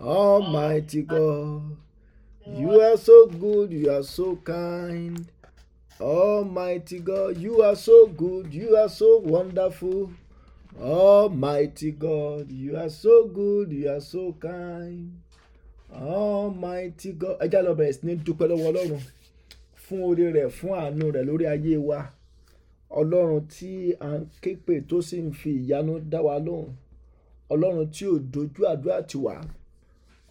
Almighty God, you are so good, you are so kind. Almighty God, you are so good, you are so wonderful. Almighty God, you are so good, you are so kind. Almighty God, ẹ já lọ bẹ̀rẹ̀ sí ní dúpẹ́ lọ́wọ́ Ọlọ́run fún oore rẹ̀ fún àánú rẹ̀ lórí ayé wa. Ọlọ́run tí à ń képe tó sì ń fi ìyanu dá wa lóhùn. Ọlọ́run tí ò dojú àdúrà tiwa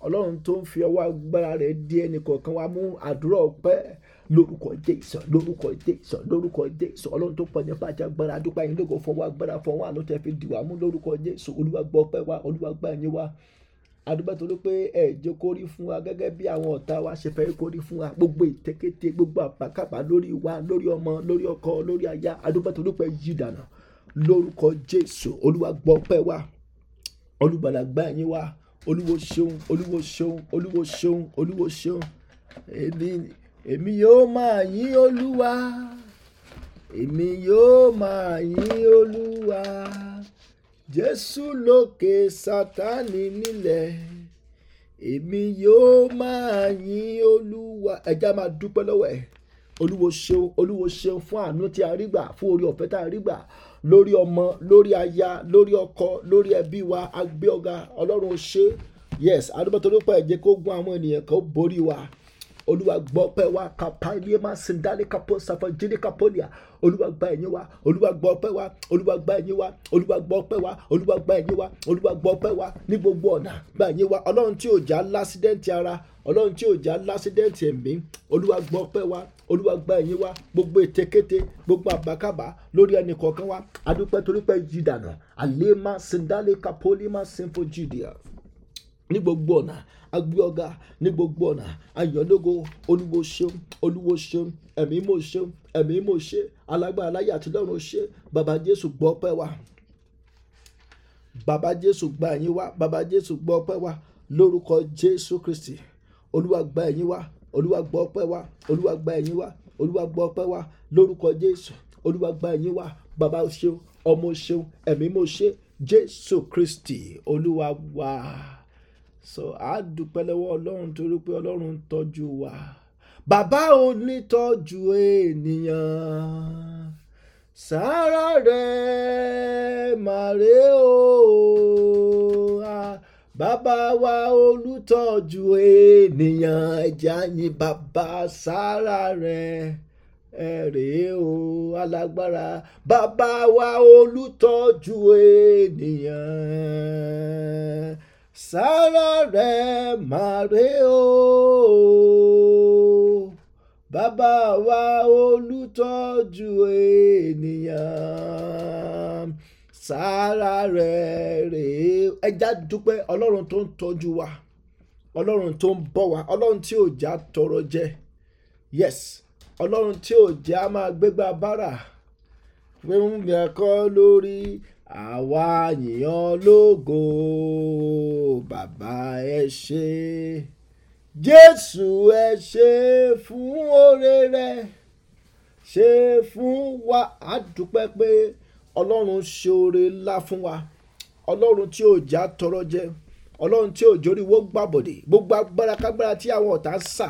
ọlọ́run tó ń fi ọwọ́ agbára rẹ̀ di ẹnì kọ̀ọ̀kan wa mú àdúrà ọpẹ́ lórúkọ jésù lórúkọ jésù lórúkọ jésù ọlọ́run tó pọ̀ nípa àti agbára adúpá yín lógo fọwọ́ agbára fọwọ́ àánú tẹ́ fi dìwà mú lórúkọ jésù olúwa gbọ́ ọpẹ́ wa olúwa gbà yín wa adúgbò tó ló pé ẹ jẹ́ kó rí fún wa gẹ́gẹ́ bí àwọn ọ̀tá wa ṣe fẹ́ kó rí fún wa gbogbo ìtẹ́kété gbogbo àpàkàpà lórí wa lórí ọmọ lórí ọkọ lórí aya adúgbò tó ló pé yí dànù lórúkọ jésù olúwa gbọ́ ọpẹ́ wa olùgbàlà yín wa olúwo ṣeun olúwo ṣeun olúwo ṣeun olúwo ṣeun èmi yóò máa yín olúwa èmi yóò máa yín olúwa jésù lókè sátánì nílẹ̀ èmi yóò máa yín olúwa ẹja máa dúpẹ́ lọ́wọ́ ẹ̀ olúwo ṣeun olúwo ṣeun fún àánú tí a rí gbà fún orí ọ̀fẹ́ tá a rí gbà lórí ọmọ lórí aya lórí ọkọ lórí ẹbí wa agbé ọ̀gá ọlọ́run ṣe yes adúgbò tó lópa ẹ̀jẹ̀ kó gún àwọn ènìyàn kan borí wa olúwa gbọ́ pẹ́ wa kàpá ilé máa sin dálé kapo sàfà jíde kapolia olúwa gba ẹ̀yìn wa olúwa gbọ́ pẹ́ wa olúwa gba ẹ̀yìn wa olúwa gbọ́ pẹ́ wa olúwa gba ẹ̀yìn wa olúwa gbọ́ pẹ́ wa ní gbogbo ọ̀nà gba ẹ̀yìn wa ọlọ́run tí ò já lásídẹ́ǹtì ara ọlọ́run tí ò já lásídẹ́ǹtì ẹ̀mí olúwa gbọ́ pẹ́ wa olúwa gba ẹ̀yìn wa gbogbo ètekéte gbogbo àbákàbá lórí ẹnì kọ̀ọ̀kan wa adúpẹ́ torípẹ́ jí dànù àlema sindale kapolima sinfo judea ní gbogbo ọ̀nà agbé ọ̀gá ní gbogbo ọ̀nà ayọ̀lógo olúwo ṣeun olúwo ṣeun ẹ̀mí mò ṣeun ẹ̀mí mò ṣe alágbára láyé àti lọ́run ṣe bàbá jésù gbọ́ pẹ́ wa bàbá jésù gba ẹ̀yìn wa bàbá jésù gbọ́ pẹ́ wa lórúkọ jésù kristi olúwa gba ẹ̀yìn wa olúwa gba ọpẹ́ wa olúwa gba ẹ̀yìn wa olúwa gba ọpẹ́ wa lórúkọ jésù olúwa gba ẹ̀yìn wa bàbá o ṣeun ọmọ o ṣeun ẹ̀mí mo ṣe jésù kristi olúwa wa so a dúpẹ́ lọ́wọ́ ọlọ́run torí pé ọlọ́run tọ́jú wa bàbá onítọ́jú ènìyàn sára rẹ̀ màrè o bàbá wa olùtọ́jú ènìyàn ẹja yìn bàbá sára rẹ̀ ẹ̀rẹ́ o alágbára bàbá wa olùtọ́jú ènìyàn sára rẹ̀ màrè o bàbá wa olùtọ́jú ènìyàn. sára rẹ̀ rèé ẹja dúpẹ́ ọlọ́run tó ń tọ́jú wa ọlọ́run tó ń bọ̀ wá ọlọ́run tí ò já tọrọ jẹ yes ọlọ́run tí ò já máa gbégbá bára pé ń bẹ kọ́ lórí àwa yìnyàn lógo bàbá ẹ ṣe jésù ẹ ṣe fún oore rẹ ṣe fún wa àdúpẹ́ pé. Pe ọlọ́run ṣe oore ńlá fún wa ọlọ́run tí ò já tọrọ jẹ ọlọ́run tí ò jórí wó gbàbọ̀dé gbogbo agbára kágbára tí àwọn ọ̀tá ń sà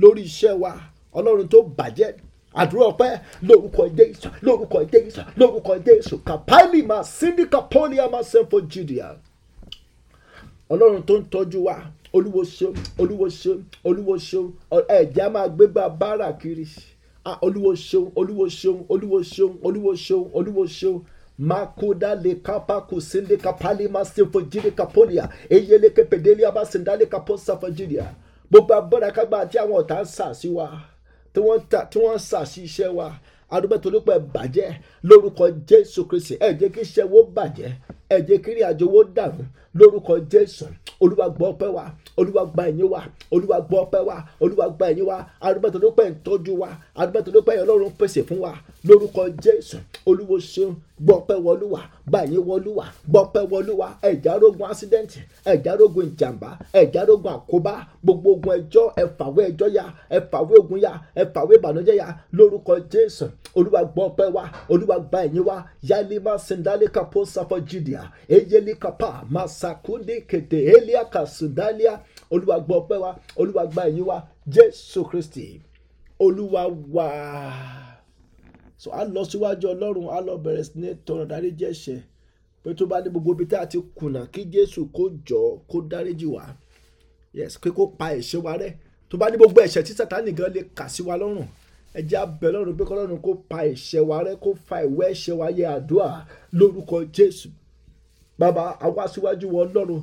lórí iṣẹ́ wa ọlọ́run tó bàjẹ́ àdúrà ọpẹ́ lórúkọ Jésù lórúkọ Jésù lórúkọ Jésù kàpáìlì máa síndí kàpọ́ọ̀lì àmà sẹ́ńfọ̀ jùdìà ọlọ́run tó ń tọ́jú wa olúwo ṣeun olúwo ṣeun olúwo ṣeun ẹ̀jẹ̀ á máa gbégbá báárà kiri ah olúwo ṣeun olúwo ṣeun olúwo ṣeun olúwo ṣeun olúwo ṣeun makoda le kapa le kusinde kapali masefojiri kapolia eyele kepedeli abasindale kaposafojiria gbogbo abọ́dàkágbà àti àwọn ọ̀tá ń sà sí wa tí wọ́n ń sà sí iṣẹ́ wa adúgbòtò nípa ẹ̀ bàjẹ́ lórúkọ jésù kristi ẹ̀ jẹ́ kí iṣẹ́ wo bàjẹ́ ẹ̀ jẹ́ kí ìrìn àjò wo dàrú lórúkọ jésù olúwa gbọ́ ọpẹ́ wa olúwa gba ẹ̀yìn wa olúwa gbọ́ ọpẹ́ wa olúwa gba ẹ̀yìn wa arúgbó tó ló pẹ́ ń tọ́jú wa arúgbó tó ló pẹ́ ọlọ́run pèsè fún wa lórúkọ jésù olúwo ṣeun gbọ́ ọpẹ́ wọlúwa gba ẹ̀yìn wọlúwa gbọ́ ọpẹ́ wọlúwa ẹ̀já rogun accident ẹ̀já rogun ìjàmbá ẹ̀já rogun àkóbá gbogbo ogun ẹjọ́ ẹ̀fàwé ẹjọ́ ya ẹ̀fàwé ogun ya ẹ̀fàwé ìbànújẹ́ ya lórúkọ jésù olúwa gbọ́ ọpẹ́ wa olúwa gba ẹ̀yìn wa yálé má sindálé kapo sáfọ́ jìdìá eyélé kapa má s sakunde kete elia kasudalia olúwa gbọ́ ọpẹ́ wa olúwa gba ẹ̀yìn wa jésù kristi olúwa wa so a lọ síwájú ọlọ́run a lọ bẹ̀rẹ̀ sí ní tọrọ dáríjì ẹ̀ṣẹ̀ pé tó bá dé gbogbo ibi tá a ti kùnà kí jésù kó jọ kó dáríjì wá yes pé kó pa ẹ̀ṣẹ̀ wa rẹ́ tó bá dé gbogbo ẹ̀ṣẹ̀ tí sátánì gan lè kà sí wa lọ́rùn ẹjẹ́ abẹ lọ́run pé kọ́lọ́run kó pa ẹ̀ṣẹ̀ wa rẹ́ kó fa ìwé ẹ̀ṣẹ̀ wa yẹ àdúrà lórúkọ jésù bàbá àwa síwájú wọ ọlọ́run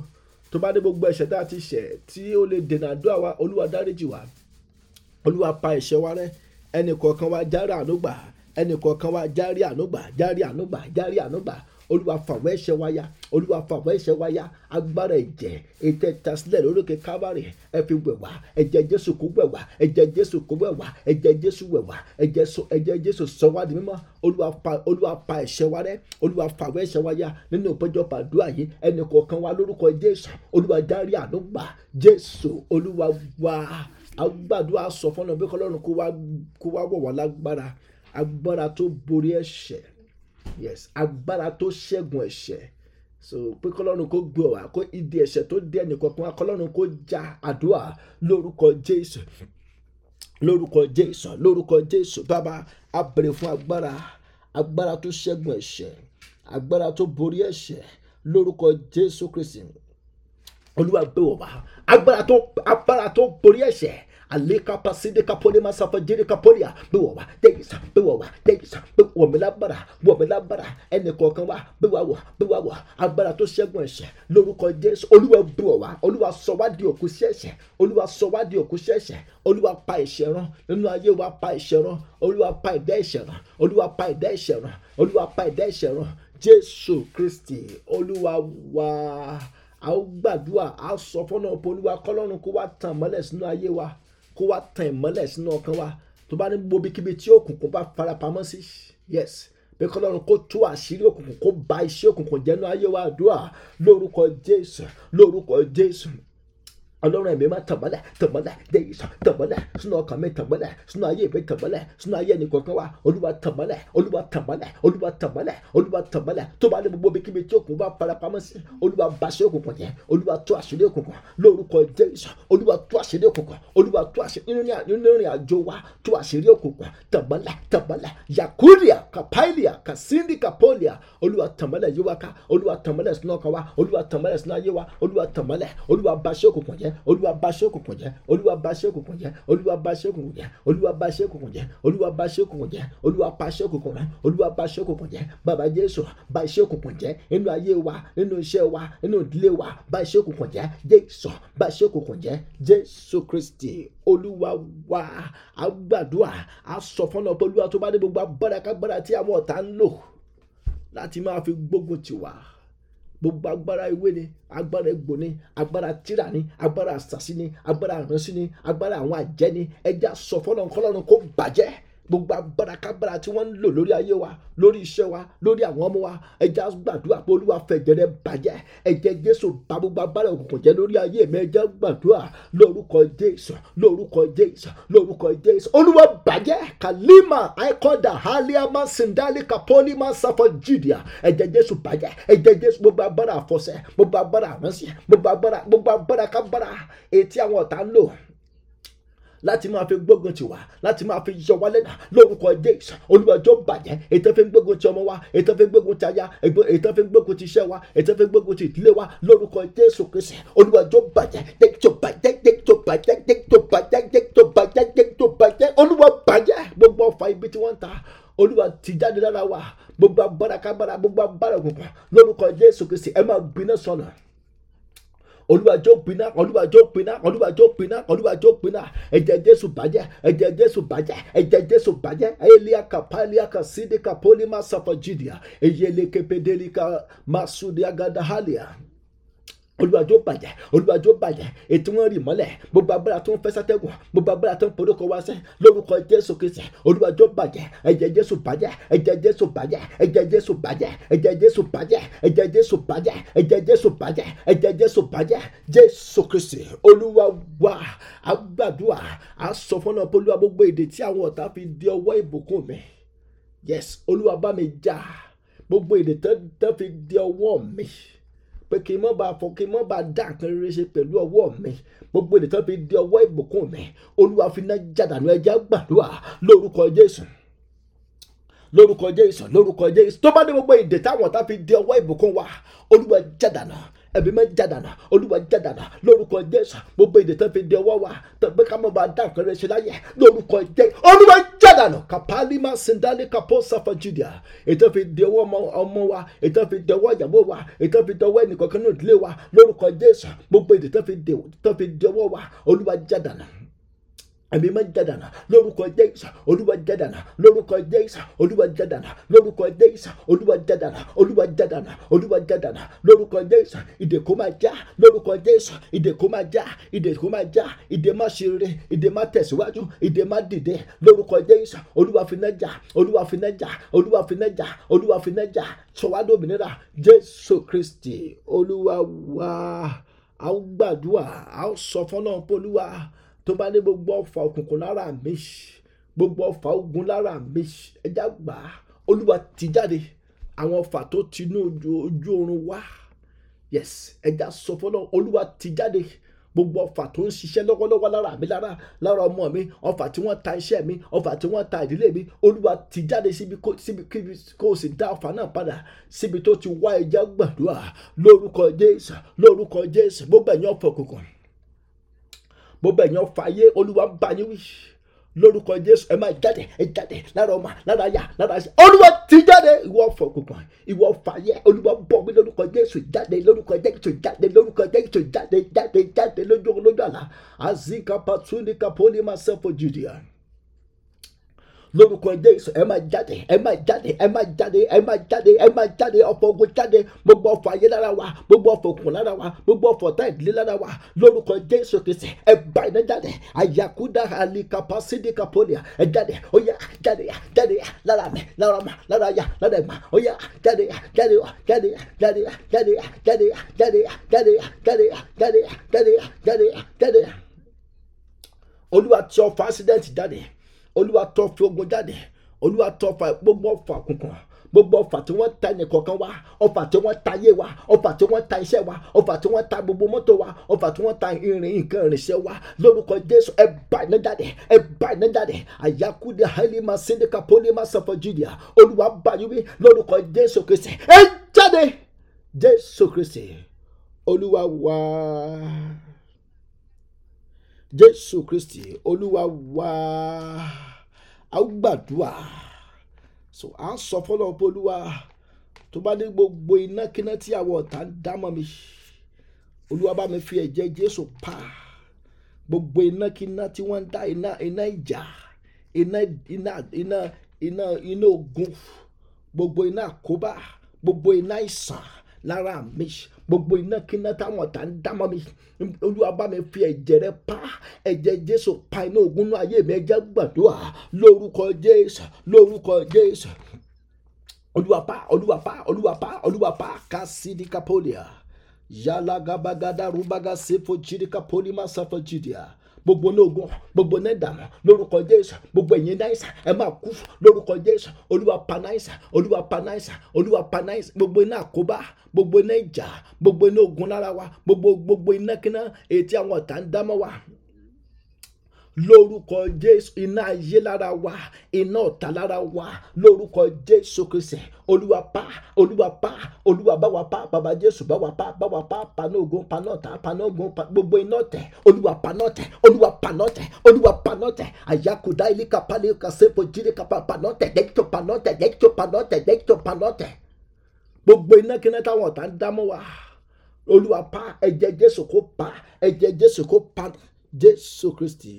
tó bá dé gbogbo ẹ̀ṣẹ̀ tá a ti ṣẹ̀ tí ó lè dènà àdúrà wa olúwa dáríjì wa olúwa pa ẹ̀ṣẹ̀ wa rẹ́ ẹnì kọ̀ọ̀kan wa járe ànúgbà ẹnì kọ̀ọ̀kan wa járe ànúgbà járe ànúgbà járe ànúgbà olúwa fà wọ́n ẹ̀ṣẹ̀ wa ya olúwa fà wọ́n ẹ̀ṣẹ̀ wa ya agbára ẹ̀jẹ̀ ètò ìtasílẹ̀ lórókè kábàárì ẹ fi wẹ̀ wá ẹ̀jẹ̀ jésù kó wẹ̀ wá ẹ̀jẹ̀ jésù kó wẹ̀ wá jésù wẹ̀ wá jésù sọ wá di mímọ́ olúwa pa ẹ̀ṣẹ̀ wa rẹ́ olúwa fà wọ́n ẹ̀ṣẹ̀ wa ya nínú ìpẹ́jọ́ pàdúrà yìí ẹnì kọ̀ọ̀kan wa lórúkọ jésù olúwa dárí àánú gbà jésù olúwa wá agbàdúrà sọ fún ọ bí kọlọ́run kó wá wọ̀ wá lágbára agbára tó borí ẹ̀ṣẹ̀ yes agbára tó ṣẹ́gun ẹ̀ṣẹ̀ so pé kọlọ́run kó gbé ọ̀wá kó ìdí ẹ̀ṣẹ̀ tó dé ẹnìkọ̀ọ̀kan wá kọlọ́run kó já àdúrà lórúkọ jésù lórúkọ jésù lórúkọ jésù bàbá a bèrè fún agbára agbára tó ṣẹ́gun ẹ̀ṣẹ̀ agbára tó borí ẹ̀ṣẹ̀ lórúkọ jésù kristi olúwa gbé ọ̀wá agbára tó agbára tó borí ẹ̀ṣẹ̀ aleka paside kapole masafa jere kapolia bí wọ́n wá déyìí sá bí wọ́n wá déyìí sá bí wọ́n mi lágbára wọ́n mi lágbára ẹnì kọ̀ọ̀kan wá bí wàá wọ̀ bí wàá wọ̀ agbára tó ṣẹ́gun ẹ̀ṣẹ̀ lórúkọ jésù olúwa bí wọ́n wá olúwa sọ wá di òkú sí ẹ̀ṣẹ̀ olúwa sọ wá di òkú sí ẹ̀ṣẹ̀ olúwa pa ẹ̀ṣẹ̀ rán nínú ayé wa pa ẹ̀ṣẹ̀ rán pa ẹ̀dá ẹ̀ṣẹ̀ rán pa ẹ̀dá ẹ̀ṣẹ̀ rán pa ẹ̀dá ẹ̀ṣẹ̀ rán kristi olúwa wá a gbàdúrà a ó sọ fọ́nà òpó kó wá tàn mọ́lẹ̀ sínú ayé wa kó wá tan ìmọ́lẹ̀ sínú ọkàn wa tó bá ní bobi kíbi tí òkùnkùn bá farapamọ́ sí yes pé kọ́lọ́run kó tú àṣírí òkùnkùn kó bà iṣẹ́ òkùnkùn jẹ́nu ayé wa àdúrà lórúkọ Jésù lórúkọ Jésù ọlọ́run ẹ̀mí máa tàbálẹ̀ tàbálẹ̀ dé ìsàn tàbálẹ̀ sínú ọkàn mi tàbálẹ̀ sínú ayé mi tàbálẹ̀ sínú ayé ẹnì kọ̀ọ̀kan wa olúwa tàbálẹ̀ olúwa tàbálẹ̀ olúwa tàbálẹ̀ olúwa tàbálẹ̀ tó bá ní gbogbo bí kíbi tí òkun bá farapamọ́ sí olúwa baṣẹ́ òkùnkùn yẹn olúwa tú àṣírí òkùnkùn lórúkọ dé ìsàn olúwa tú àṣírí òkùnkùn olúwa tú àṣírí nínú àjò wa tú àṣírí òkùnkùn tàbálẹ̀ tàbálẹ̀ yakuria kapailia kasindi kapolia olúwa tàbálẹ̀ yíwá ká olúwa tàbálẹ̀ sínú ọkàn wa olúwa tàbálẹ̀ sínú ayé wa olúwa tàbálẹ̀ olúwa baṣẹ́ òkùnkùn y jẹ́ olúwa bá ṣe òkùnkùn jẹ́ olúwa bá ṣe òkùnkùn jẹ́ olúwa bá ṣe òkùnkùn jẹ́ olúwa bá ṣe òkùnkùn jẹ́ olúwa bá ṣe òkùnkùn jẹ́ olúwa pa ṣe òkùnkùn rẹ́ olúwa bá ṣe òkùnkùn jẹ́ bàbá jésù bá ṣe òkùnkùn jẹ́ nínú ayé wa nínú iṣẹ́ wa nínú ìdílé wa bá ṣe òkùnkùn jẹ́ jésù bá ṣe òkùnkùn jẹ́ jésù kristi olúwa wa àgbàdua àsọfọ́nà pẹ̀lú àtúbádé gbogbo agbára tí àwọn ọ̀tá ń lò láti máa fi gbógun tì gbogbo agbára ìwé ni agbára egbò ni agbára tírà ni agbára àṣàsí ni agbára àránsí ni agbára àwọn àjẹ́ ni ẹja sọ fọlọ́nkọlọ́run kó bàjẹ́ gbogbo abárakábára tí wọ́n ń lò lórí ayé wa lórí iṣẹ́ wa lórí àwọn ọmọ wa ẹja gbàdúrà pé olúwa fẹ̀jẹ̀ rẹ bàjẹ́ ẹ̀jẹ̀ jésù bà gbogbo abára òkùnkùn jẹ́ lórí ayé mi ẹja gbàdúrà lórúkọ jésù lórúkọ jésù lórúkọ jésù olúwa bàjẹ́ kalima aikọ́dà haliama sindali kapolima safajidia ẹ̀jẹ̀ jésù bàjẹ́ ẹ̀jẹ̀ jésù gbogbo abára àfọ̀ṣẹ gbogbo abára àránṣẹ́ gbogbo abára gbogbo abára kábára ètí àwọn ọ̀tá ń lò láti máa fi gbógun tì wá láti máa fi yọ wá lẹ́nà lórúkọ jésù olùwàjọ́ bàjẹ́ ètò fi gbógun ti ọmọ wa ètò fi gbógun ti aya ètò fi gbógun ti iṣẹ́ wa ètò fi gbógun ti ìdílé wa lórúkọ jésù kristi olùwàjọ́ bàjẹ́ dẹ́kítọ̀ bàjẹ́ dẹ́kítọ̀ bàjẹ́ dẹ́kítọ̀ bàjẹ́ dẹ́kítọ̀ bàjẹ́ dẹ́kítọ̀ bàjẹ́ olúwa bàjẹ́ gbogbo ọ̀fà ibi tí wọ́n ń ta olúwa ti jáde lára wa gbogbo abárakábára gbogbo abára òkùnkùn lórúkọ jésù kristi ẹ máa gbiná sọnà olúwàjò pinná olúwàjò pinná olúwàjò pinná olúwàjò pinná ẹ̀jẹ̀ jésù bàjẹ́ ẹ̀jẹ̀ jésù bàjẹ́ ẹ̀jẹ̀ jésù bàjẹ́ eliaka paliaka sídìka polima sàfàjìdìá eyelekepedeli ka masudiagadahalia olùwàjò bàjẹ́ olùwàjò bàjẹ́ ètò wọn rì mọ́lẹ̀ gbogbo agbára tó ń fẹ́ sátẹ́gùn gbogbo agbára tó ń porúkọ wá sẹ́ lórúkọ jésù kristi olùwàjò bàjẹ́ ẹ̀jẹ̀ jésù bàjẹ́ ẹ̀jẹ̀ jésù bàjẹ́ ẹ̀jẹ̀ jésù bàjẹ́ ẹ̀jẹ̀ jésù bàjẹ́ ẹ̀jẹ̀ jésù bàjẹ́ ẹ̀jẹ̀ jésù bàjẹ́ ẹ̀jẹ̀ jésù bàjẹ́ jésù kristi olúwa wa agbàdúrà àsọfọ́nà polúwa gbogbo èdè tí àwọn ọ̀tá yes olúwa bá mi jà gbogbo èdè tó fi di ọwọ́ mi pé kí n mọ́ bá fọ kí n mọ́ bá dá nǹkan rere ṣe pẹ̀lú ọwọ́ mi gbogbo ènìtàn fi di ọwọ́ ìbùkún mi olúwa fi náà jàdánù ẹja gbàdúrà lórúkọ jésù lórúkọ jésù lórúkọ jésù tó bá dé gbogbo èdè táwọn ọ̀tá fi di ọwọ́ ìbùkún wa olúwa jàdánù ẹ̀mí máa jádànà olúwa jádànà lórúkọ jésù gbogbo èdè tán fi di ọwọ́ wa tàbí ká mọ̀ bá dá nǹkan rẹ̀ ṣe láyẹ̀ lórúkọ jésù olúwa jádànà kàpálímà sindali kàpó sàfà jùdíà ètò fi di ọwọ́ ọmọ wa ètò fi di ọwọ́ ìyàwó wa ètò fi di ọwọ́ ẹnìkọ̀ọ̀kan náà ìdílé wa lórúkọ jésù gbogbo èdè tán fi di ọwọ́ wa olúwa jádànà ẹ̀mí máa ń jẹ́dànà lórúkọ jésù olúwa jẹ́dànà lórúkọ jésù olúwa jẹ́dànà lórúkọ jésù olúwa jẹ́dànà olúwa jẹ́dànà olúwa jẹ́dànà lórúkọ jésù ìdè kó máa já lórúkọ jésù ìdè kó máa já ìdè kó máa já ìdè máa ṣe rere ìdè máa tẹ̀síwájú ìdè máa dìde lórúkọ jésù olúwa finá jà olúwa finá jà olúwa finá jà olúwa finá jà sọwádìí tó bá ní gbogbo ọ̀fà òkùnkùn lára mi gbogbo ọ̀fà ogun lára mi ẹja gbà á olúwa ti jáde àwọn ọ̀fà tó ti inú ojú oorun wá yes ẹja sọ fọlọ olúwa ti jáde gbogbo ọ̀fà tó ń ṣiṣẹ́ lọ́wọ́lọ́wọ́ lára mi lára lára ọmọ mi ọ̀fà tí wọ́n ta iṣẹ́ mi ọ̀fà tí wọ́n ta ìdílé mi olúwa ti jáde síbi kó o sì dá ọ̀fà náà padà síbi tó ti wá ẹja gbàdúrà lórúkọ jésù lórúkọ jésù gbogbo ẹ̀yin ọ̀fà òkùnkùn mo bẹ̀ yàn fàyè olúwa ń bá yín wí lórúkọ jésù ẹ máa jáde ẹ jáde lára ọmọ lára aya lára ṣe olúwa ti jáde ìwọ fọkùnkùn ìwọ fàyè olúwa bọ̀ mí lórúkọ jésù jáde lórúkọ jésù jáde lórúkọ jésù jáde jáde jáde lójú olójú àlá azikapa tunika polima sefo judea lórúkọ jésù ẹ máa jáde ẹ máa jáde ẹ máa jáde ẹ máa jáde ẹ máa jáde ọ̀fọ̀ ogun jáde gbogbo ọ̀fọ̀ ayé lára wa gbogbo ọ̀fọ̀ òkun lára wa gbogbo ọ̀fọ̀ tá ìdílé lára wa lórúkọ jésù kìsì ẹ bá iná jáde àyàkúdà àlìkàpá sídìkàpọ̀lìà ẹ jáde ó yá jáde yá jáde yá lára mi lára ma lára yá lára ẹ̀gbà ó yá jáde yá jáde yá jáde yá jáde yá jáde yá jáde yá jáde yá jáde yá jáde yá jáde yá jáde yá jáde yá jáde yá olúwa tí ọ fa accident jáde olúwa tọ́ fi ogun jáde olúwa tọ́ fa gbogbo ọ̀fà kankan gbogbo ọfà tí wọ́n ta ẹnìkọ̀ọ̀kan wa ọfà tí wọ́n ta ayé wa ọfà tí wọ́n ta iṣẹ́ wa ọfà tí wọ́n ta gbogbo mọ́tò wa ọfà tí wọ́n ta irin nǹkan ìrìnsẹ̀ wa lórúkọ jésù ẹ bá iná jáde ẹ bá iná jáde àyàkúndé hailima síndíkà pólímà sọfọ jùdíà olúwa báyìí lórúkọ jésù kristi ẹ jáde jésù kristi olúwa wá jésù kristi olúwa wá a ó gbàdúrà so à ń sọ fọlọ́ pé olúwa tó bá dé gbogbo inákiná tí àwọn ọ̀tá ń dámọ́ mi olúwa bá mi fi ẹ̀jẹ̀ jésù pa gbogbo inákiná tí wọ́n ń dá iná iná ìjà iná iná iná iná iná ogun gbogbo iná àkóbá gbogbo iná ìsàn lára mi gbogbo iná kíná táwọn ọ̀tá ń dá mọ́ mi olúwa bá mi fi ẹ̀jẹ̀ rẹ pa ẹ̀jẹ̀ jésù pa iná ogun náà ayé mi ẹ̀jẹ̀ gbàdúrà lórúkọ jésù lórúkọ jésù olúwapá olúwapá olúwapá olúwapá kásídìkápólìà yálagabagadarubagasefo jìdìkápólìmásàfọ jìdìà gbogbo ológun gbogbo nẹ́dàmú lórúkọ jésù gbogbo ẹ̀yin náísà ẹ máa kú lórúkọ jésù olúwa panáísà olúwa panáísà olúwa panáísà gbogbo iná àkóbá gbogbo iná ìjà gbogbo iná ogun lára wa gbogbo gbogbo iná kíná èyí tí àwọn ọ̀tá ń dámọ́ wa lórúkọ jésù iná ayé lára wa iná ọ̀tá lára wa lórúkọ jésù kristi olúwa pa olúwa pa olúwa bá wa pa bàbá jésù bá wa pa bá wa pa paná ogun paná ọ̀tá paná ogun gbogbo iná ọ̀tẹ̀ olúwa paná ọ̀tẹ̀ olúwa paná ọ̀tẹ̀ olúwa paná ọ̀tẹ̀ àyàkùdá ilíkà pálí kàṣẹ́pọ̀ jírí kàpá paná ọ̀tẹ̀ dẹ́kítọ̀ paná ọ̀tẹ̀ gbogbo iná kíná táwọn ọ̀tá ń dámọ́ wa olúwa pa ẹ̀jẹ̀ jésù kó pa ẹ̀jẹ̀ jésù kó pa jésù kristi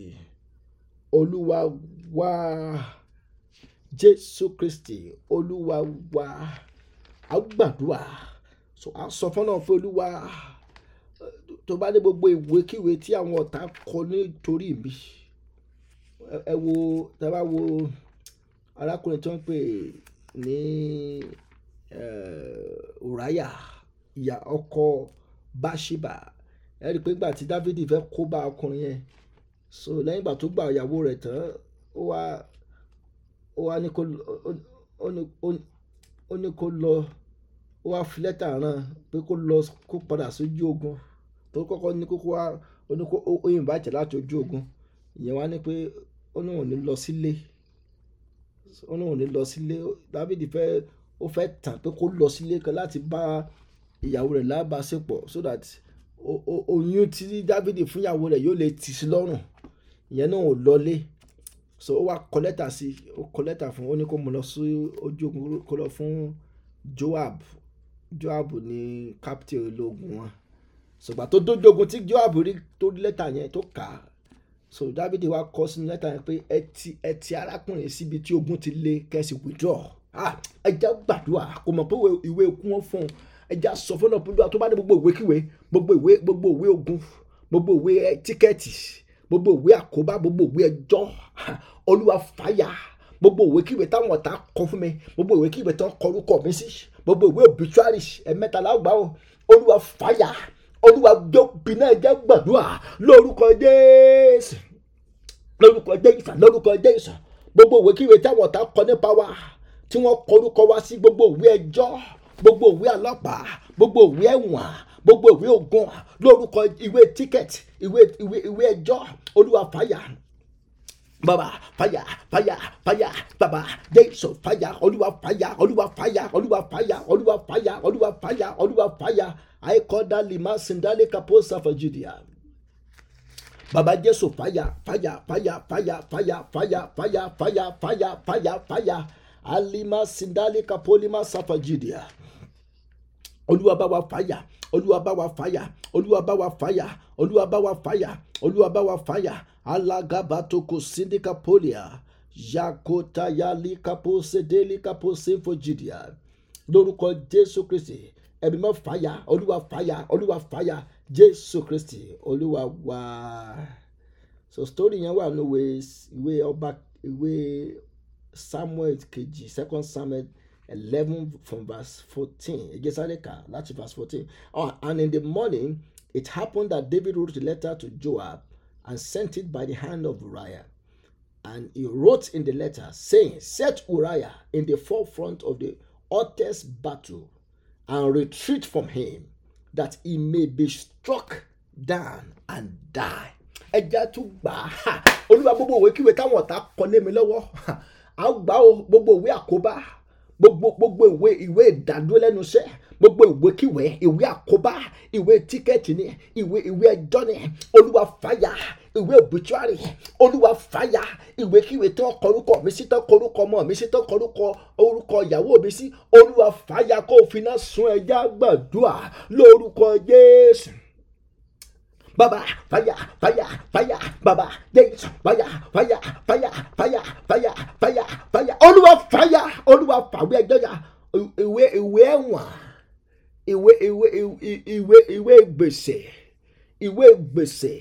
olúwa wá jésù kristi olúwa wá a gbàdúrà so a sọ fún náà pé olúwa tó bá dé gbogbo ìwékíwé tí àwọn ọ̀tá kọ nítorí mi ẹ wo tá a bá wo arákùnrin tó ń pè ní ùráyà ìyá ọkọ báṣíbà ẹ rí i pé nígbà tí dávidi fẹ́ kó bá ọkùnrin yẹn so lẹ́yìn ìgbà tó gba ìyàwó rẹ̀ tán ó wá ó wá ní kó ó ní kó lọ ó wá fi lẹ́tà rán pé kó lọ kó padà sójú ogun tó kọ́kọ́ ní kókó wá ó ní kó ó yìnbá jẹ́ láti ojú ogun ìyẹn wá ní pé ó ní òun ní lọ sílé ó ní òun ní lọ sílé Dáfídì fẹ́ ó fẹ́ tàn pé kó lọ sílé kan láti bá ìyàwó rẹ̀ lábàáṣepọ̀ so that oyún tí dávidi fúnyàwó rẹ̀ yóò lè tì sí lọ́rùn ìyẹn náà ò lọlé so ó wá kọ lẹ́tà sí ó kọ lẹ́tà fún ó ní kó mọ̀ lọ sí ojú ogun kó lọ fún joab joab ní captain ológun wọn ṣùgbà tó dójú ogun tí joab rí tó lẹ́tà yẹn tó kà á so dávidi wá kọ sínú lẹ́tà yẹn pé ẹ ti ẹ ti arákùnrin síbi tí ogun ti lé kẹ́sì withdraw ah ẹ jẹ́ gbàdúrà kò mọ̀ pé ìwé ikú wọn fún un ẹja sọ fún náà púpọ̀ tó bá ní gbogbo ìwékíwé gbogbo ìwé gbogbo ìwé ogun gbogbo ìwé eh, tíkẹ́ẹ̀tì gbogbo ìwé àkóbá gbogbo ìwé ẹjọ́ olúwa fàyà gbogbo ìwé kíwé táwọn ọ̀tá kọ fún mi gbogbo ìwé kíwé tó ń kọrúkọ mi sí gbogbo ìwé obituary ẹ̀mẹ́ta lágbà o olúwa fàyà olúwa jókòó náà jẹ́ gbàdúrà lórúkọ jésù lórúkọ jésù lórúkọ jésù gbogbo ìwé kíwé táwọn ọ̀tá kọ nípa wa tí wọ́n kọrúkọ wa sí gbogbo ìwé ẹjọ́ gbogbo ìwé ọlọ́pàá gbogbo ìwé ẹ̀wọ̀n gbogbo ìwé ogun lórúkọ ìwé tíkẹ́ẹ̀tì ìwé ìwé ìwé ẹjọ́ olúwa fàyà baba fàyà fàyà fàyà baba jésù fàyà olúwa fàyà olúwa fàyà olúwa fàyà olúwa fàyà olúwa fàyà olúwa fàyà àìkọ́dá lima sindale kaposa for judea baba jésù fàyà fàyà fàyà fàyà fàyà fàyà fàyà fàyà fàyà fàyà fàyà alima sindali kapolima safajidia olúwa bá wa fàyà olúwa bá wa fàyà olúwa bá wa fàyà olúwa bá wa fàyà olúwa bá wa fàyà alagabatoko sindika polia yakota yali kapo sedeli kapo sefojidia lórúkọ jésù kristi ẹ̀mí mọ́ fàyà olúwa fàyà olúwa fàyà jésù kristi olúwa wá. so story yẹn wà ní ìwé ọba ìwé samuel kejì second samuel eleven from verse fourteen ejesareka láti verse fourteen oh, and in the morning it happened that david wrote a letter to joab and sent it by the hand of uriah and he wrote in the letter saying set uriah in the forefront of the hottest battle and retreat from him that he may be struck down and die ẹja tún gbà á olúwa gbogbo òwe kíwe táwọn ọ̀tá kọ lé mi lọ́wọ́ a ó gbà ó gbogbo ìwé àkóbá gbogbo gbogbo ìwé ìwé ìdádúró lẹ́nu iṣẹ́ gbogbo ìwé kíwé ìwé àkóbá ìwé tíkẹ́ẹ̀tì ni ìwé ìwé ẹjọ́ ni olúwa fàyà ìwé obituary olúwa fàyà ìwé kíwé tó kọrúkọ mi sí tó kọrúkọ ọmọ mi sí tó kọrúkọ orúkọ ìyàwó mi sí olúwa fàyà kó o fi iná sun ẹja gbàdúrà lórúkọ Jésù. Baba, fire, fire, fire, Baba, James, fire, fire, fire, fire, fire, fire, fire. all Olúwa fire, Olúwa fàwé ẹgbẹ́jà uh, ìwé ìwé ẹ̀wọ̀n ìwé ìwé ìwé ìwé gbèsè ìwé gbèsè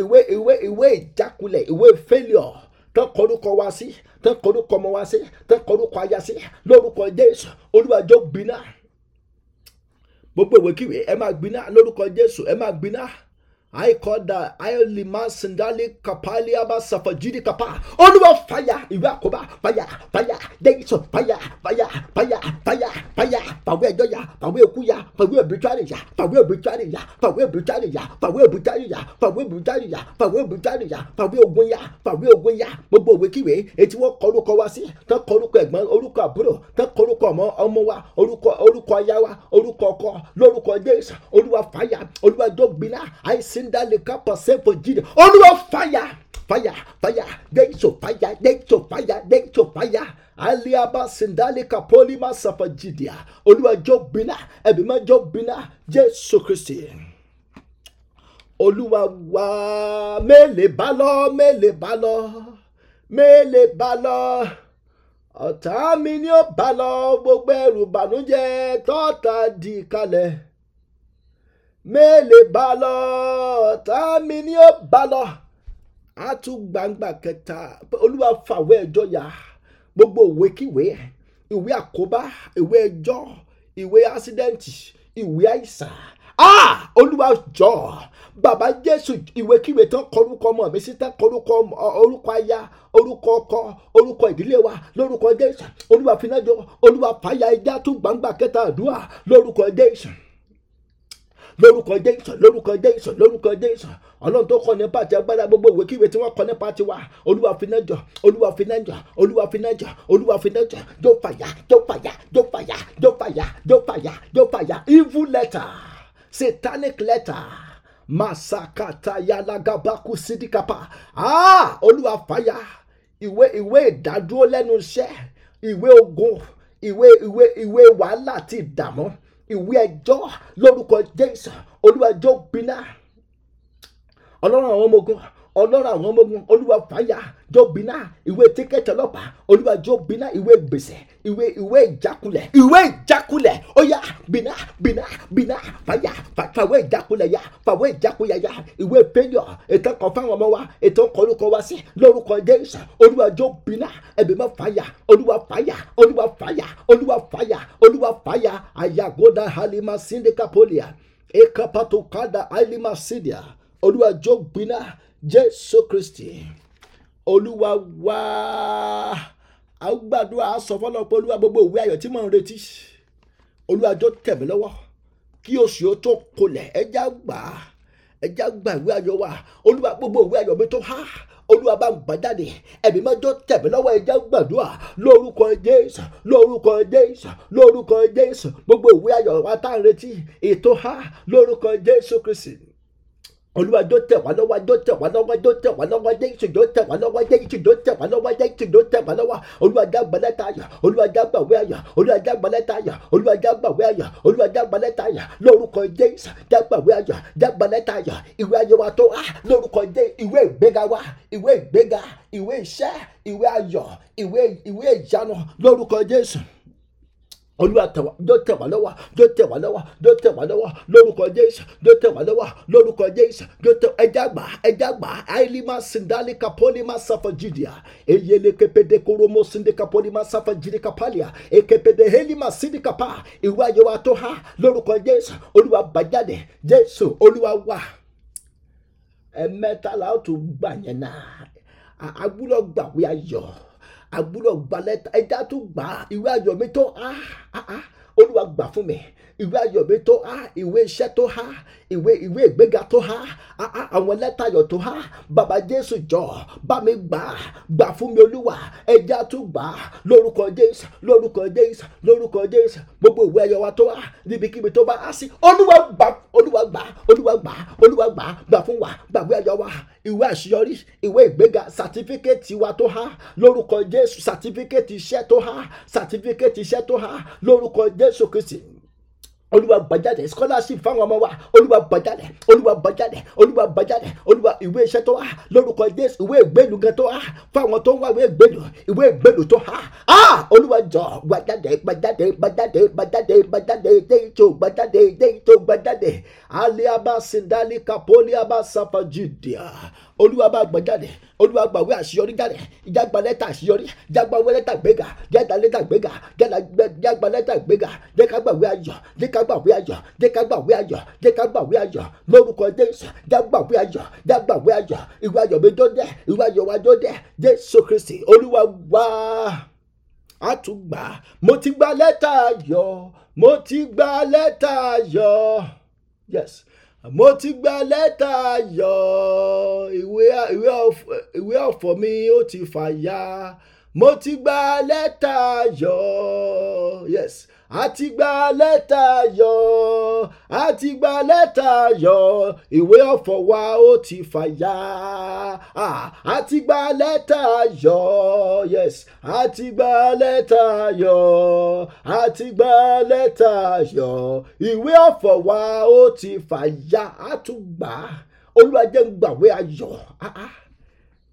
ìwé ìwé ìwé ìjákulẹ̀ ìwé failure tán kọrúkọ wá sí tán kọrúkọ ọmọ wá sí tán kọrúkọ aya sí lórúkọ Jésù Olúwa jọ̀ọ́ gbiná gbogbo ìwé kíwèé ẹ máa gbiná lórúkọ Jésù ẹ máa gbiná. I call àìkọ́dà àìlèmá sindali kapali abasafajiri kapa olúwa fàyà fire, àkóbá fire, fire, jẹ́yìísọ fàyà fàyà fire, fire, fire, fire, fire, yà fàwé ẹkú yà fàwé ẹbùtárì yà fàwé ẹbùtárì yà fàwé ẹbùtárì yà fàwé ẹbùtárì yà fàwé ẹbùtárì yà fàwé ẹbùtárì yà fàwé ogun yà fàwé ogun yà gbogbo òwe kíwe etí wọn kọ orúkọ wa sí tán fire, orúkọ ẹ̀gbọ́n orúkọ àbúrò tán kọ orúkọ ọmọ ọmọ wa orúkọ orúkọ aya wa orúkọ ọkọ lórúkọ jésù olúwa fàyà olúwa dógbìnà àìs sindalika pọ̀sẹ́pọ̀ jíde olúwa fàyà fàyà fàyà dẹ́tò fire, dẹ́tò fàyà dẹ́tò fire. aliaba sindalika pọ́límà sàpà jíde olúwa jọ bínà ẹ̀bí má jọ bínà jésù kristi olúwa wá mélèé bá lọ mélèé bá lọ mélèé bá lọ ọ̀tá mi ni ó bá gbogbo ẹrù bànújẹ́ tọ́ta di kalẹ̀ mélèé bá lọ tá mi ní ó bá lọ á tún gbangba kẹta olúwa fàwé ẹjọ́ yá gbogbo òwékìwé ìwé àkóbá ìwé ẹjọ́ ìwé ásídẹ́ǹtì ìwé àìsàn ah olúwa jọ bàbá jésù ìwékíwé tán kọrúkọ ọmọ mi sí tán kọrúkọ orúkọ aya orúkọ ọkọ orúkọ ìdílé wa lórúkọ jésù olúwa fínájọ olúwa fàyà ẹja tún gbangba kẹta àdúrà lórúkọ jésù lórúkọ jésù lórúkọ jésù lórúkọ jésù ọlọ́run tó kọ́ nípa àti agbára gbogbo ìwé kíwé tí wọ́n kọ́ nípa tiwa olúwa finájọ olúwa finájọ olúwa finájọ olúwa finájọ jó fàyà jó fàyà jó fàyà jó fàyà jó fàyà jó fàyà evil letter satanic letter masakatayalagabaku sidikapa ah olúwa fàyà ìwé ìwé ìdádúró lẹ́nu iṣẹ́ ìwé ogun ìwé ìwé ìwé wàhálà ti ìdààmú ìwé ẹjọ́ lórúkọ Jésù olúwa jọ̀ọ́ bínà ọlọ́run àwọn ọmọ ogun ọlọ́run àwọn ọmọ ogun olúwa fàyà jọbìnà ìwé tíkẹ́tì ọlọ́pàá olúwa jọbìnà ìwé gbèsè ìwé ìwé ìjákulẹ̀ ìwé ìjákulẹ̀ ó yá bìnà bìnà bìnà fàyà fàwé ìjákulẹ̀ yá fàwé ìjákulẹ̀ yá ìwé pẹ́yọ̀ ètò kan fáwọn ọmọ wa ètò kọlùkọ wa sí lórúkọ jésù olúwa jọbìnà ẹ̀bí mọ́ fàyà olúwa fàyà olúwa fàyà olúwa fàyà olúwa fàyà àyàgódà halima síndikapolia ekapatukada halima sídìà olúwa jọbìnà jésù kristi olúwa wá àgbàdua sọ fọlọpọ olúwa gbogbo ìwé ayọ̀ tí mò ń retí olúwa jọ tẹ̀mí lọ́wọ́ kí oṣù yóò tó kolẹ̀ ẹja gbà ẹja gbà ìwé ayọ̀ wa olúwa gbogbo ìwé ayọ̀ mi tó há olúwa bá ń bá jáde ẹ̀mí mọ́jọ́ tẹ̀mí lọ́wọ́ ẹja gbàdúrà lórúkọ jésù lórúkọ jésù lórúkọ jésù gbogbo ìwé ayọ̀ wa tá ń retí ètò há lórúkọ jésù kristi olùwàjò tẹ̀ wá lọ́wọ́ àjò tẹ̀ wá lọ́wọ́ àjò tẹ̀ wá lọ́wọ́ àjẹ́ ìṣòjò tẹ̀ wá lọ́wọ́ àjẹ́ ìṣòjò tẹ̀ wá lọ́wọ́ àjẹ́ ìṣòjò tẹ̀ wá lọ́wọ́ olùwàjà gbalẹ́ta àyà olùwàjà gbàwé àyà olùwàjà gbalẹ́ta àyà olùwàjà gbàwé àyà olùwàjà gbalẹ́ta àyà lórúkọ Jésù jágbàwé àyà jágbalẹ́ta àyà ìwé ayé wa tó wá lórúkọ Jésù ìwé ìgbéga wa ìwé ìgbéga ìwé iṣẹ́ ìwé ayọ̀ ìwé ìwé ìyanu lórúkọ Jésù olúwa tẹwà jọ tẹwà lọ́wọ́ jọ tẹwà lọ́wọ́ jọ tẹwà lọ́wọ́ lórúkọ jésù jọ tẹwà lọ́wọ́ lórúkọ jésù jọ tẹ ẹjá gbà ẹjá gbà àìlímà sindali kapolima safa jidia eyele kepede koromo sindi kapolima safa jidi kapalia ekepede helima sindi kapa ìwà yẹwà tó ha lórúkọ jésù olúwa bàjáde jésù olúwa wà ẹ̀mẹ́ta làwọn tún gbà yẹn náà agbúlọgbà wíwá yọ àgbúrò gbalẹ́ta ẹja tó gbà á ìwé ayọ̀ mi tó á á á olúwa gbà fún mi ìwé ayọ̀ mi tó há ìwé iṣẹ́ tó há ìwé ìwé ìgbéga tó há àwọn lẹ́tà ayọ̀ tó há bàbá jésù jọ bá mi gbà gbà fún mi olúwa ẹjẹ́ àtúgbà lórúkọ jésù lórúkọ jésù lórúkọ jésù gbogbo ìwé ayọ̀ wa tó há níbikíbi tó bá há sí olúwa gbà olúwa gbà olúwa gbà olúwa gbà gbà fún wa gbàgbé ayọ̀ wa ìwé àṣeyọrí ìwé ìgbéga sàtífíkẹ́tì wa tó há lórúkọ jésù sàtífíkẹ́tì iṣẹ́ tó há sàtífíkẹ́tì iṣẹ́ tó há lórúkọ jésù kristi olúwa bàjáde scholarship fáwọn ọmọ wa olúwa bàjáde olúwa bàjáde olúwa bàjáde olúwa ìwé iṣẹ́ tó wà lórúkọ jésù ìwé ìgbèlú gan tó wà fáwọn tó ń wá ìwé ìgbèlú ìwé ìgbèlú tó wà á ah! olúwa jọ gbàjáde gbàjáde gbàjáde gbàjáde gbàjáde déjò gbàjáde déjò gbàjáde aliaba sindali kapoli aba safajidia olúwa bá gbọ́n jáde olúwa gbàwé àṣeyọrí jáde jágba lẹ́tà àṣeyọrí jágba lẹ́tà gbéga jẹ́ta lẹ́tà gbéga jágba lẹ́tà gbéga jẹ́ka gbàwé ayọ̀ jẹ́ka gbàwé ayọ̀ jẹ́ka gbàwé ayọ̀ jẹ́ka gbàwé ayọ̀ lórúkọ jésù jágbàwé ayọ̀ jágbàwé ayọ̀ ìwé ayọ̀ mi tó dẹ̀ ìwé ayọ̀ wa tó dẹ̀ jésù kristi olúwa wá a tún gbà mo ti gba lẹ́tà ayọ̀ mo ti gba lẹ́tà ayọ̀ yes mo ti gba lẹ́tà ayọ̀ ìwé ọ̀fọ̀ mi ó ti fàya mo ti gba lẹ́tà ayọ̀ yes àti gba lẹ́tà yọ àti gba lẹ́tà yọ ìwé ọ̀fọ̀ wa ó ti fàyà àti gba lẹ́tà yọ yes àti gba lẹ́tà yọ àti gba lẹ́tà yọ ìwé ọ̀fọ̀ wa ó ti fàyà àtúgbà olúwa jẹ́ ń gbàwé ayọ̀ ah, ah.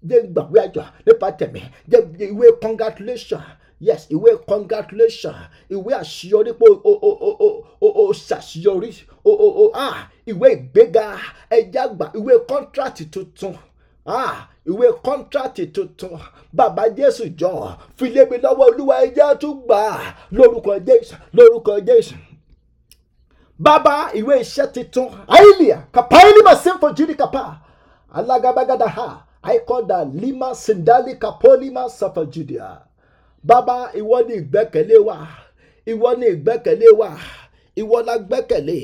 jẹ́ ń gbàwé ayọ̀ nípa tẹ̀mí jẹ́ ìwé congratulation yes ìwé congratulation ìwé àṣeyọrí pé o o o o o o ṣàṣeyọrí o o o ah ìwé ìgbéga ẹja gbà ìwé contract tuntun ah ìwé kọ́ńtrátì tuntun bàbá jésù jọ filébi lọ́wọ́ olúwa ẹjẹ́ tún gbà lórúkọ jésù lórúkọ jésù. bàbá ìwé iṣẹ́ tuntun àìlíà kàpá ìlímọ̀ sínfò jírí kàpá alágabagada ha àìkọ́dà lima sindali kapolima safajidia bàbá ìwọ ni ìgbẹ́kẹ̀lé wa ìwọ ni ìgbẹ́kẹ̀lé wa ìwọ la gbẹ́kẹ̀lé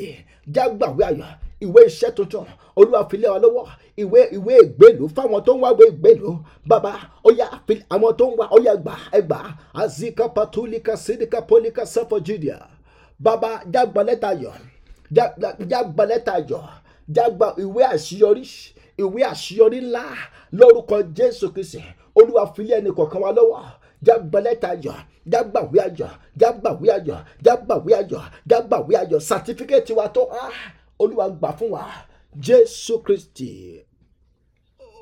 jágbàwé ayọ̀ ìwé iṣẹ́ tuntun olúwa fi lé wa lọ́wọ́ ìwé ìwé ìgbèlú fáwọn tó ń wá ìwé ìgbèlú bàbá ọyà àwọn tó ń wá ọyà gbà ẹgbà azika patulika sidika polika sefojidea bàbá jágbalẹ́ta ayọ̀ jágbalẹ́ta ayọ̀ jágba ìwé àṣeyọrí ìwé àṣeyọrí ńlá lórúkọ jésù kìsì olúwa fi lé ẹnì kọ̀ọ̀kan wa lọ́wọ́ jágbọ́ lẹ́tà ayọ̀ jágbàwé ayọ̀ jágbàwé ayọ̀ jágbàwé ayọ̀ jágbàwé ayọ̀ sàtífíkẹ́tì wa tó ah, olúwa gbà fún wa jésù kristi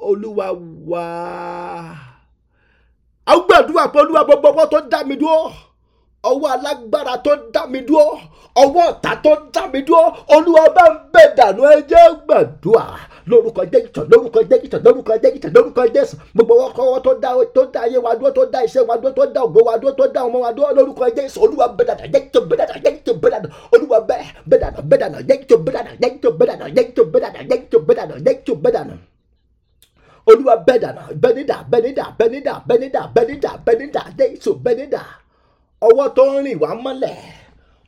olúwa wa àwọn gbàdúrà pé olúwa gbogbo ọkọ tó dá mi dúró ọwọ́ alágbára tó dá mi dúró ọwọ́ ọ̀tá tó dá mi dúró olúwa bá ń bẹ̀ dànù ẹ jẹ́ lórúkọ jẹ́jìtọ̀ lórúkọ jẹ́jìtọ̀ lórúkọ jẹ́jìtọ̀ lórúkọ jẹ́sùn gbogbo ọkọ̀ tó dá tó dá ayé wa dúró tó dá iṣẹ́ wa dúró tó dá ògo wa dúró tó dá ọmọ wa dúró lórúkọ jẹ́sùn olúwa bẹ́dàdà jẹ́jìtọ̀ bẹ́dàdà jẹ́jìtọ̀ bẹ́dàdà olúwa bẹ́dàdà bẹ́dàdà jẹ́jìtọ̀ bẹ́dàdà jẹ́jìtọ̀ bẹ́dàdà jẹ́jìtọ̀ bẹ́dàdà jẹ́jìtọ̀ bẹ́dàdà jẹ́jìtọ̀ bẹ́dàdà olúwa bẹ́dàdà bẹ́nidà bẹ́nidà bẹ́nidà bẹ́nidà bẹ́nidà bẹ́nidà jẹ́jìtọ̀ bẹ́nidà ọwọ́ tó ń rìn wá mọ́lẹ̀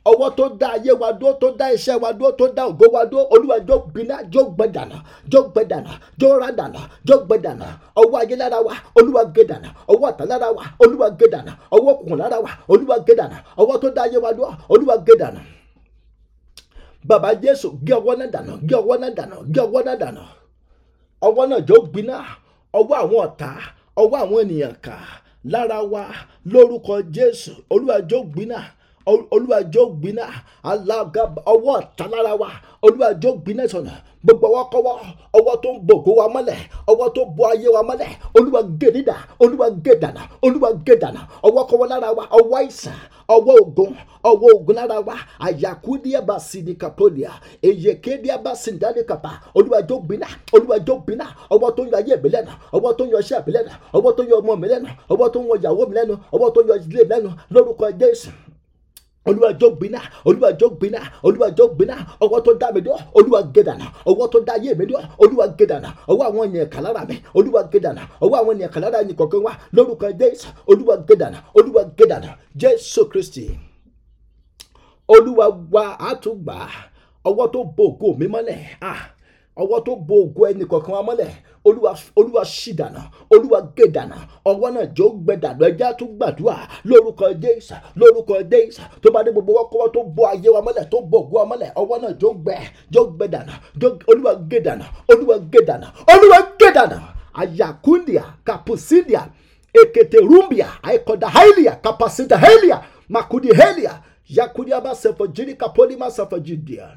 ọwọ́ tó dá ayé wa dúró tó dá iṣẹ́ wa dúró tó dá ògo wa dúró olúwa jó gbiná jó gbẹ dànà jó gbẹ dànà jó ra dànà jó gbẹ dànà ọwọ́ ayé lára wa olúwa gé dànà ọwọ́ ọ̀tá lára wa olúwa gé dànà ọwọ́ òkùnkùn lára wa olúwa gé dànà ọwọ́ tó dá ayé wa dúró olúwa gé dànà bàbá jésù gé ọwọ́ náà dànà gé ọwọ́ náà dànà gé ọwọ́ náà dànà ọwọ́ náà jó gbiná ọwọ́ àwọn ọ̀tá ọwọ́ àwọn ènìyàn kà lára wa lórúkọ jésù olúwa jó gbiná olúwàjọ́ gbiná alága ọwọ́ ọ̀tálára wa olúwàjọ́ gbiná sọ̀nà gbogbo ọwọ́ kọ́wọ́ ọwọ́ tó ń bògo wa mọ́lẹ̀ ọwọ́ tó bo ayé wa mọ́lẹ̀ olúwa gèdìdà e olúwa gèdànà e olúwa gèdànà e ọwọ́ kọ́wọ́ lára wa ọwọ́ ìsàn ọwọ́ ogun ọwọ́ ogun lára wa àyàkúndíàbà sìnìkàpọ̀lìà èyèkédíàbà sìndánìkàpà olúwàjọ́ gbiná olúwàjọ́ gbiná ọwọ́ tó ń yọ ayé mi lẹ́nu ọwọ́ tó ń yọ iṣẹ́ mi lẹ́nu ọwọ́ tó ń yọ ọmọ olùwàjọ gbiná olùwàjọ gbiná olùwàjọ gbiná ọwọ́ tó dá mi dọ olúwa gẹdànà ọwọ́ tó dá yé mi dọ olúwa gẹdànà ọwọ́ àwọn ènìyàn kàlára mi olúwa gẹdànà ọwọ́ àwọn ènìyàn kàlára yìí kọ̀ọ̀kan wá lórúkọ jésù olúwa gẹdànà olúwa gẹdànà jésù kristi olúwa wa àtúgbà ọwọ́ tó bo ògo mi mọ́lẹ̀ ọwọ́ tó bo ògo ẹnì kọ̀ọ̀kan wa mọ́lẹ̀ olúwa olúwa ṣì dànù olúwa gé dànù ọwọ́ náà jọ gbẹ dànù ẹja tún gbàdúrà lórúkọ jésù lórúkọ jésù tó bá dé gbogbo wọ́kọ́wọ́ tó bọ́ ayé wa mọ́lẹ̀ tó bọ̀ ògùn wa mọ́lẹ̀ ọwọ́ náà jọ gbẹ jọ gbẹ dànù olúwa gé olúwa gé olúwa gé ayakundia kapusindia ekete rumbia aikoda hailia kapasida hailia makudi hailia yakudia basefojini kapolima sefojindia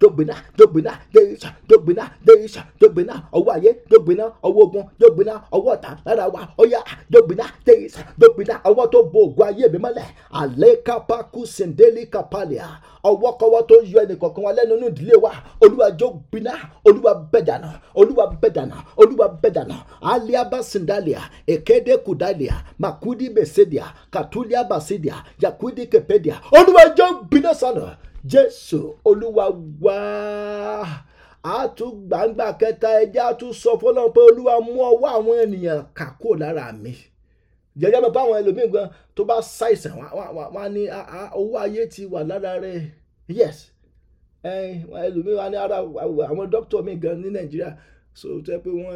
dógbiná dógbiná déyìísà dógbiná déyìísà dógbiná ọwọ́ ayé dógbiná ọwọ́ ogun dógbiná ọwọ́ ọ̀tá lára wa ọ̀yà dógbiná déyìísà dógbiná ọwọ́ tó bo ògùn ayé mi mọ́lẹ̀ alẹ́ kápákú sèndélì kápálíà ọwọ́ kọ́wọ́ tó yọ ẹnì kọ̀ọ̀kan wa lẹ́nu inú wa olúwa dógbiná olúwa bẹ̀dànà olúwa bẹ̀dànà olúwa bẹ̀dànà aliaba sindalia ekede kudalia makudi besedia katulia basidia yakudi kepedia olúwa dógbiná sọ̀rọ̀ jésù olúwa wá àtúgbàǹgbà kẹta ẹjẹ àtúnsọ fọlọ́n pé olúwa mú ọwọ́ àwọn ènìyàn kà kúrò lára mi jẹjẹ mi bá àwọn ẹlòmíì gan tó bá ṣàìsàn wá ní ah, ah, owó ayé ti wà lára rẹ yes ẹlòmíì wá ní ara àwọn dókítà mi gan ní nàìjíríà so tẹ pé wọn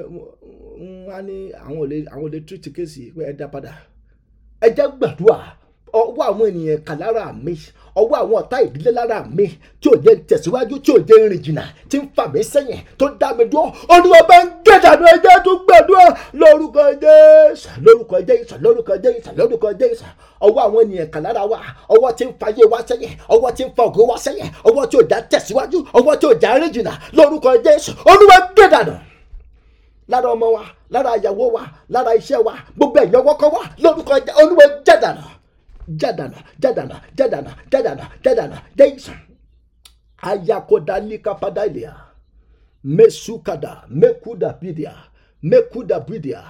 wá ní àwọn ò lè treat kéèsì pé ẹ dá padà ẹ jẹ́ gbàdúrà ọwọ́ àwọn ènìyàn kà lára mi ọwọ́ àwọn ọ̀tá ìdílé lára mi tí ò jẹ́ ń tẹ̀síwájú tí ò jẹ́ ń rìn jìnnà tí ń fà mí sẹ́yìn tó dá mi dúró olúwa bá ń gbèjà ní ẹjẹ́ tó gbàdúrà lórúkọ Jésù lórúkọ Jésù lórúkọ Jésù lórúkọ Jésù ọwọ́ àwọn ènìyàn kà lára wa ọwọ́ tí ń fa ayé wa sẹ́yìn ọwọ́ tí ń fa ògo wa sẹ́yìn ọwọ́ tí ò já tẹ̀síwájú ọwọ́ tí ò já rìn jìnnà lórúkọ Jésù olúwa gbèjà náà lára ọmọ wa lára ìyàwó wa lára iṣẹ́ wa gbogbo ẹ̀yọ́ wọ́kọ́ wa lórúkọ olúwa jẹ̀dànà jadana jadana jadana jadana jadana jason ayakodalikapadailia mesukada mekuda bidia mekuda bidia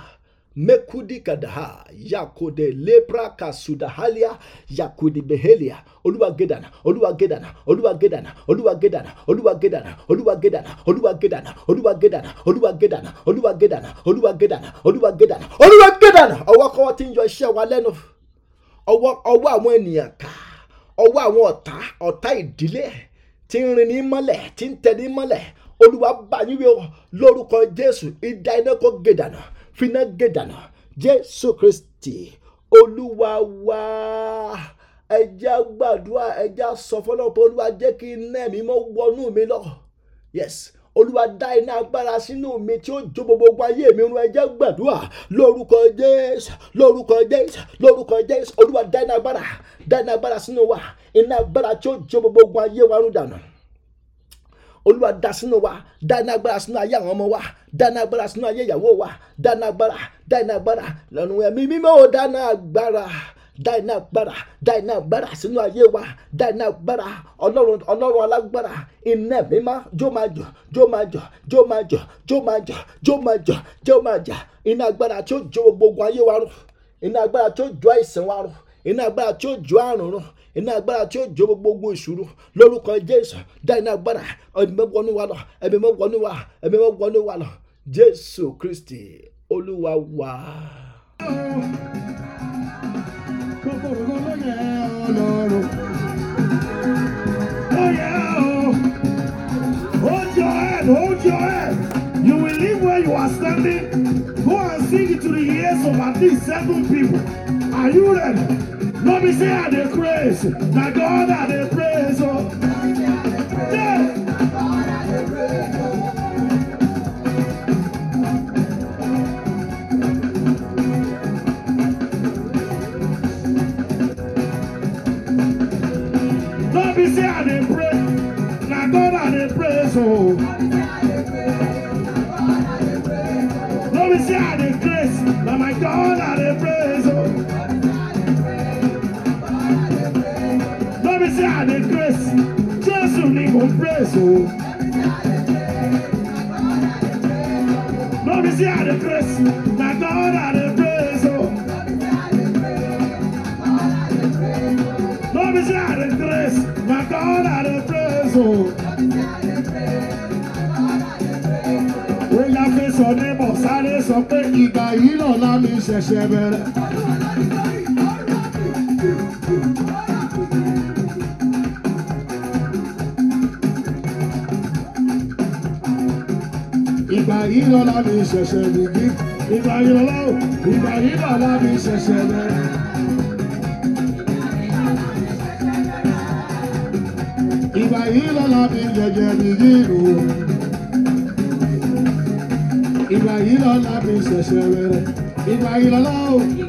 mekudikadaha yakode lepra kasudahalia yakudibehelia olúwagédàna olúwagédàna olúwagédàna olúwagédàna olúwagédàna olúwagédàna olúwagédàna olúwagédàna olúwagédàna olúwagédàna olúwagédàna olúwagédàna olúwagédàna ọwọ́ kọ́wọ́ tí ń yọ iṣẹ́ wa lẹ́nu ọwọ́ àwọn ènìyàn ká ọwọ́ àwọn ọ̀tá ọ̀tá ìdílé tí ń rin ní mọ́lẹ̀ tí ń tẹ ní mọ́lẹ̀ olúwa bá yín wí lórúkọ jésù idà iná kó gèdànà finá gèdànà jésù kristi olúwa wá ẹjẹ́ gbàdúrà ẹjẹ́ sọ olúwa jẹ́ kí iná mi mọ́ wọnú mi lọ yes olúwa dá iná agbára sínú mi tí ó jó gbogbo ayé mi run ẹjẹ gbàdúrà lórúkọ jésù lórúkọ jésù lórúkọ jésù olúwa dá iná agbára dá iná agbára sínú wa iná agbára tí ó jó gbogbo ayé wa run dànù olúwa dá sínú wa dá iná agbára sínú ayé àwọn ọmọ wa dá iná agbára sínú ayé ìyàwó wa dá iná agbára dá iná agbára lọ́nu ẹ̀mí mímọ́ ò dá iná agbára dá iná agbára dá iná agbára sínú ayé wa dá iná agbára ọlọ́run ọlọ́run alágbára iná mímá jó máa jọ jó máa jọ jó máa jọ jó máa jọ jó máa jọ jó máa jà iná agbára tí ó jó gbogbo ayé wa run iná agbára tí ó jó àìsàn wa run iná agbára tí ó jó àrùn run iná agbára tí ó jó gbogbo ìṣòro lórúkọ jésù dá iná agbára ẹ̀mí wọnú wa lọ ẹ̀mí wọnú wa ẹ̀mí wọnú wa lọ jésù kristi olúwa wa. tomorrow. Oh yeah. Hold your head, hold your head. You will leave where you are standing. Go and sing it to the ears of at least seven people. Are you ready? Let me say how they praise. Now God I the praise. Oh. Yeah. say I not pray, to God I be say I dey grace, na my God I dey praise oh. No be say I dey grace, Jesus ni mo praise oh. No be say I God I My God I dey praise o. Ó yá fi sọ ní mọ̀ sáré sọ pé ìgbà yìí lọ́la mi ṣẹ̀ṣẹ̀ bẹ̀rẹ̀. Ìgbà yìí lọ́la mi ṣẹ̀ṣẹ̀ bìbí. Ìgbà yìí lọ́la mi ṣẹ̀ṣẹ̀ bẹ̀rẹ̀. ìlàlá ila jẹjẹ bí yìlú. ìgbà yìí ila bí ṣẹ̀ṣẹ̀ wẹ̀rẹ̀ ìgbà yìí lọ́la o.